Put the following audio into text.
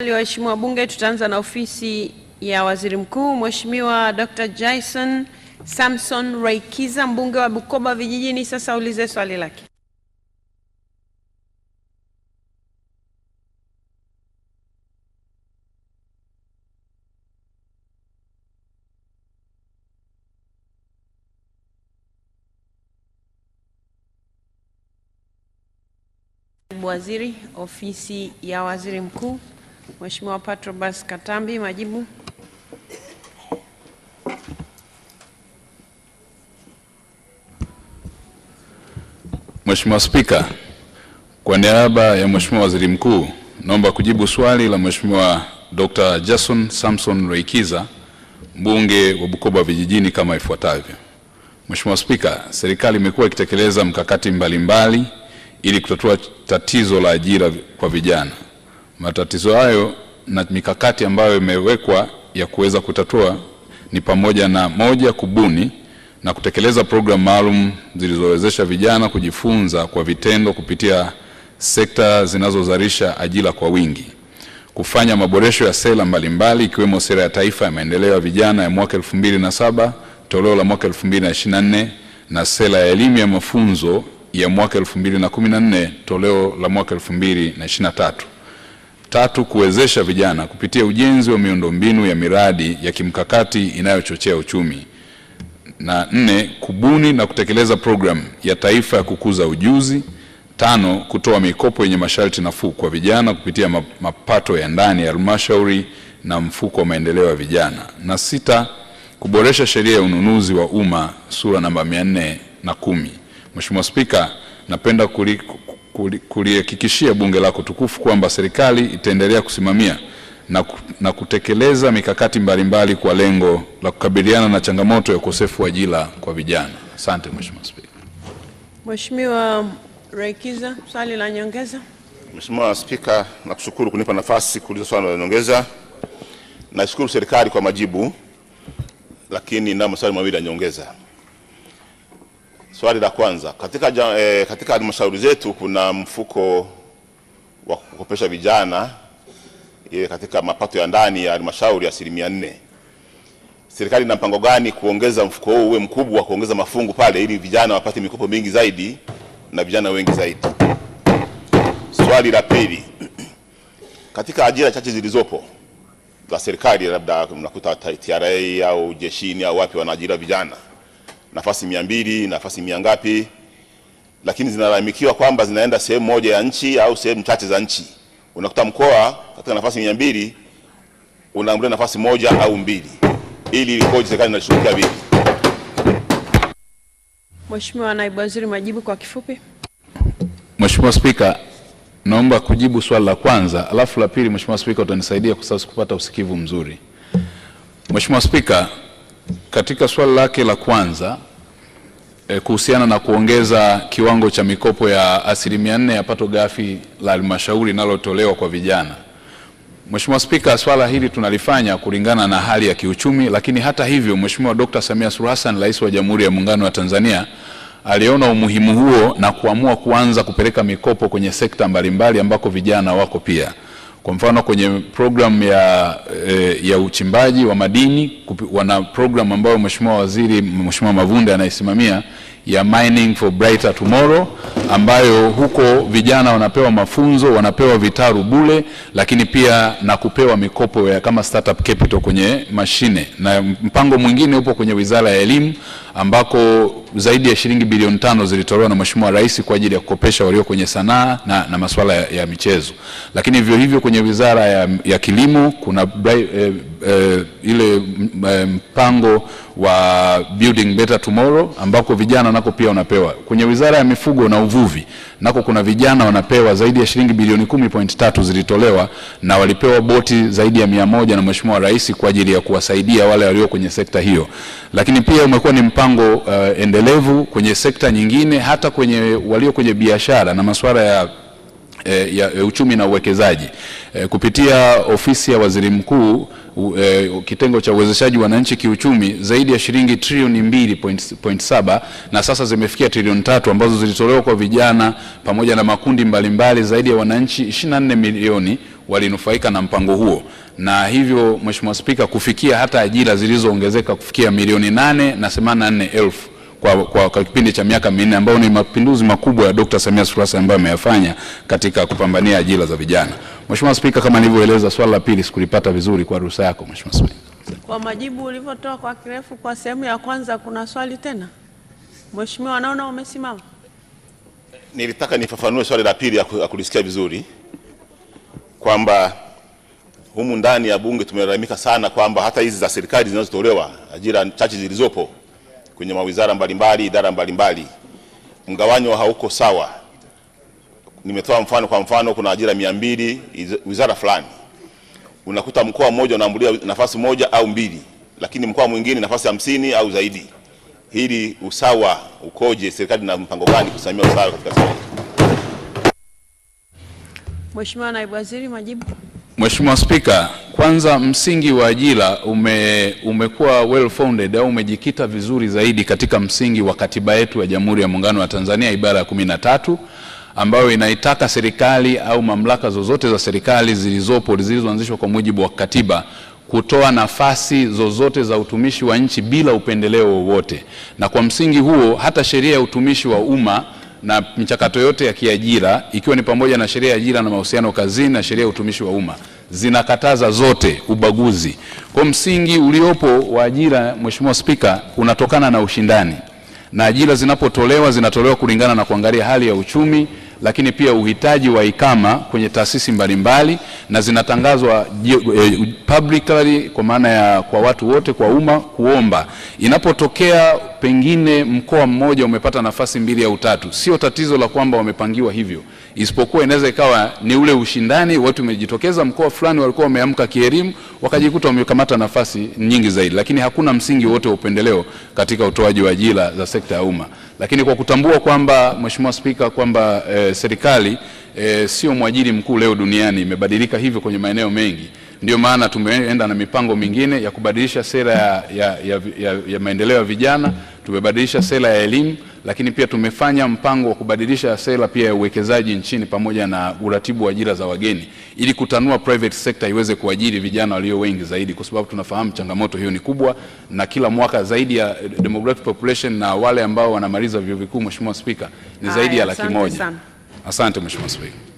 Waheshimiwa wabunge, tutaanza na ofisi ya waziri mkuu. Mheshimiwa Dr. Jason Samson Raikiza, mbunge wa Bukoba Vijijini, sasa ulize swali lake. Waziri, ofisi ya waziri mkuu. Mheshimiwa Patrobas Katambi, majibu. Mheshimiwa Spika, kwa niaba ya Mheshimiwa Waziri Mkuu, naomba kujibu swali la Mheshimiwa Dr. Jason Samson Rweikiza, mbunge wa Bukoba vijijini kama ifuatavyo. Mheshimiwa Spika, serikali imekuwa ikitekeleza mkakati mbalimbali mbali, ili kutatua tatizo la ajira kwa vijana. Matatizo hayo na mikakati ambayo imewekwa ya kuweza kutatua ni pamoja na moja, kubuni na kutekeleza programu maalum zilizowezesha vijana kujifunza kwa vitendo kupitia sekta zinazozalisha ajira kwa wingi, kufanya maboresho ya sera mbalimbali ikiwemo sera ya taifa ya maendeleo ya vijana ya mwaka saba toleo la mwaka 2024 na sera ya elimu ya mafunzo ya mwaka 2014 toleo la mwaka tatu. Tatu, kuwezesha vijana kupitia ujenzi wa miundombinu ya miradi ya kimkakati inayochochea uchumi. Na nne, kubuni na kutekeleza programu ya taifa ya kukuza ujuzi. Tano, kutoa mikopo yenye masharti nafuu kwa vijana kupitia mapato ya ndani ya halmashauri na mfuko wa maendeleo ya vijana. Na sita, kuboresha sheria ya ununuzi wa umma sura namba 410. Mheshimiwa Spika, napenda kulihakikishia Bunge lako tukufu kwamba serikali itaendelea kusimamia na, na kutekeleza mikakati mbalimbali kwa lengo la kukabiliana na changamoto ya ukosefu wa ajira kwa vijana. Asante Mheshimiwa Spika. Mheshimiwa Raikiza, swali la nyongeza. Mheshimiwa Spika, nakushukuru kunipa nafasi kuuliza swali la nyongeza. nashukuru serikali kwa majibu, lakini na maswali mawili ya nyongeza. Swali la kwanza katika, e, katika halmashauri zetu kuna mfuko wa kukopesha vijana e, katika mapato ya ndani ya halmashauri asilimia nne. Serikali ina mpango gani kuongeza mfuko huu uwe mkubwa, kuongeza mafungu pale ili vijana wapate mikopo mingi zaidi na vijana wengi zaidi? Swali la pili katika ajira chache zilizopo za serikali, labda mnakuta TRA au jeshini au wapi wanaajira vijana nafasi mia mbili nafasi mia ngapi, lakini zinalalamikiwa kwamba zinaenda sehemu moja ya nchi au sehemu chache za nchi. Unakuta mkoa katika nafasi mia mbili unaambulia nafasi moja au mbili. Ili ilikoje? Serikali inashughulikia vipi? Mheshimiwa Naibu Waziri, majibu kwa kifupi. Mheshimiwa Spika, naomba kujibu swali la kwanza, alafu la pili, Mheshimiwa Spika, utanisaidia kwa sababu sikupata usikivu mzuri. Mheshimiwa Spika, katika swali lake la kwanza e, kuhusiana na kuongeza kiwango cha mikopo ya asilimia nne ya pato ghafi la halmashauri linalotolewa kwa vijana. Mheshimiwa Spika, swala hili tunalifanya kulingana na hali ya kiuchumi, lakini hata hivyo, Mheshimiwa Dkt. Samia Suluhu Hassan, Rais wa Jamhuri ya Muungano wa Tanzania, aliona umuhimu huo na kuamua kuanza kupeleka mikopo kwenye sekta mbalimbali ambako vijana wako pia. Kwa mfano kwenye programu ya, e, ya uchimbaji wa madini kupi, wana programu ambayo Mheshimiwa Waziri Mheshimiwa Mavunde anaisimamia ya Mining for Brighter Tomorrow ambayo huko vijana wanapewa mafunzo, wanapewa vitaru bule, lakini pia na kupewa mikopo ya kama startup capital kwenye mashine, na mpango mwingine upo kwenye Wizara ya Elimu ambako zaidi ya shilingi bilioni tano zilitolewa na Mheshimiwa Rais kwa ajili ya kukopesha walio kwenye sanaa na, na masuala ya, ya michezo, lakini vivyo hivyo kwenye wizara ya, ya kilimo kuna eh, eh, ile eh, mpango wa Building Better Tomorrow ambako vijana nako pia wanapewa. Kwenye Wizara ya Mifugo na Uvuvi nako kuna vijana wanapewa zaidi ya shilingi bilioni 10.3 zilitolewa na walipewa boti zaidi ya mia moja na Mheshimiwa Rais kwa ajili ya kuwasaidia wale walio kwenye sekta hiyo. Lakini pia umekuwa ni mpango uh, endelevu kwenye sekta nyingine hata kwenye walio kwenye biashara na masuala ya eh, ya uchumi na uwekezaji kupitia ofisi ya Waziri Mkuu e, kitengo cha uwezeshaji wananchi kiuchumi zaidi ya shilingi trilioni 2.7 na sasa zimefikia trilioni tatu ambazo zilitolewa kwa vijana pamoja na makundi mbalimbali mbali. Zaidi ya wananchi 24 milioni walinufaika na mpango huo na hivyo Mheshimiwa Spika, kufikia hata ajira zilizoongezeka kufikia milioni nane na themanini nne elfu kwa, kwa, kwa kipindi cha miaka minne ambayo ni mapinduzi makubwa ya Dkt. Samia Suluhu Hassan ambayo ameyafanya katika kupambania ajira za vijana. Mheshimiwa Spika, kama nilivyoeleza, swali la pili sikulipata vizuri kwa ruhusa yako Mheshimiwa Spika. Kwa majibu ulivyotoa kwa kirefu kwa sehemu ya kwanza, kuna swali tena Mheshimiwa, naona umesimama. Nilitaka nifafanue swali la pili, ya kulisikia vizuri kwamba humu ndani ya Bunge tumelalamika sana kwamba hata hizi za serikali zinazotolewa, ajira chache zilizopo kwenye mawizara mbalimbali, idara mbalimbali, mgawanyo hauko sawa nimetoa mfano, kwa mfano kuna ajira mia mbili wizara fulani, unakuta mkoa mmoja unaambulia nafasi moja au mbili, lakini mkoa mwingine nafasi hamsini au zaidi. Hili usawa ukoje? Serikali na mpango gani kusimamia usawa katika sekta? Mheshimiwa Naibu Waziri, majibu. Mheshimiwa Spika, kwanza msingi wa ajira ume, umekuwa well founded au umejikita vizuri zaidi katika msingi wa katiba yetu ya Jamhuri ya Muungano wa Tanzania ibara ya kumi na tatu ambayo inaitaka serikali au mamlaka zozote za serikali zilizopo zilizoanzishwa kwa mujibu wa katiba kutoa nafasi zozote za utumishi wa nchi bila upendeleo wowote. Na kwa msingi huo hata sheria ya utumishi wa umma na michakato yote ya kiajira ikiwa ni pamoja na sheria ya ajira na mahusiano kazini na sheria ya utumishi wa umma zinakataza zote ubaguzi. Kwa msingi uliopo wa ajira, Mheshimiwa Spika, unatokana na ushindani, na ajira zinapotolewa zinatolewa kulingana na kuangalia hali ya uchumi lakini pia uhitaji wa ikama kwenye taasisi mbalimbali, na zinatangazwa e, publicly, kwa maana ya kwa watu wote, kwa umma kuomba inapotokea pengine mkoa mmoja umepata nafasi mbili au tatu. Sio tatizo la kwamba wamepangiwa hivyo, isipokuwa inaweza ikawa ni ule ushindani, watu wamejitokeza, mkoa fulani walikuwa wameamka kielimu, wakajikuta wamekamata nafasi nyingi zaidi, lakini hakuna msingi wote wa upendeleo katika utoaji wa ajira za sekta ya umma. Lakini kwa kutambua kwamba, Mheshimiwa Spika, kwamba eh, serikali eh, sio mwajiri mkuu leo duniani, imebadilika hivyo kwenye maeneo mengi ndio maana tumeenda na mipango mingine ya kubadilisha sera ya, ya, ya, ya, ya maendeleo ya vijana, tumebadilisha sera ya elimu, lakini pia tumefanya mpango wa kubadilisha sera pia ya uwekezaji nchini pamoja na uratibu wa ajira za wageni ili kutanua private sector iweze kuajiri vijana walio wengi zaidi, kwa sababu tunafahamu changamoto hiyo ni kubwa, na kila mwaka zaidi ya demographic population na wale ambao wanamaliza vyuo vikuu, Mheshimiwa Spika, ni zaidi ya laki moja. Asante Mheshimiwa Spika.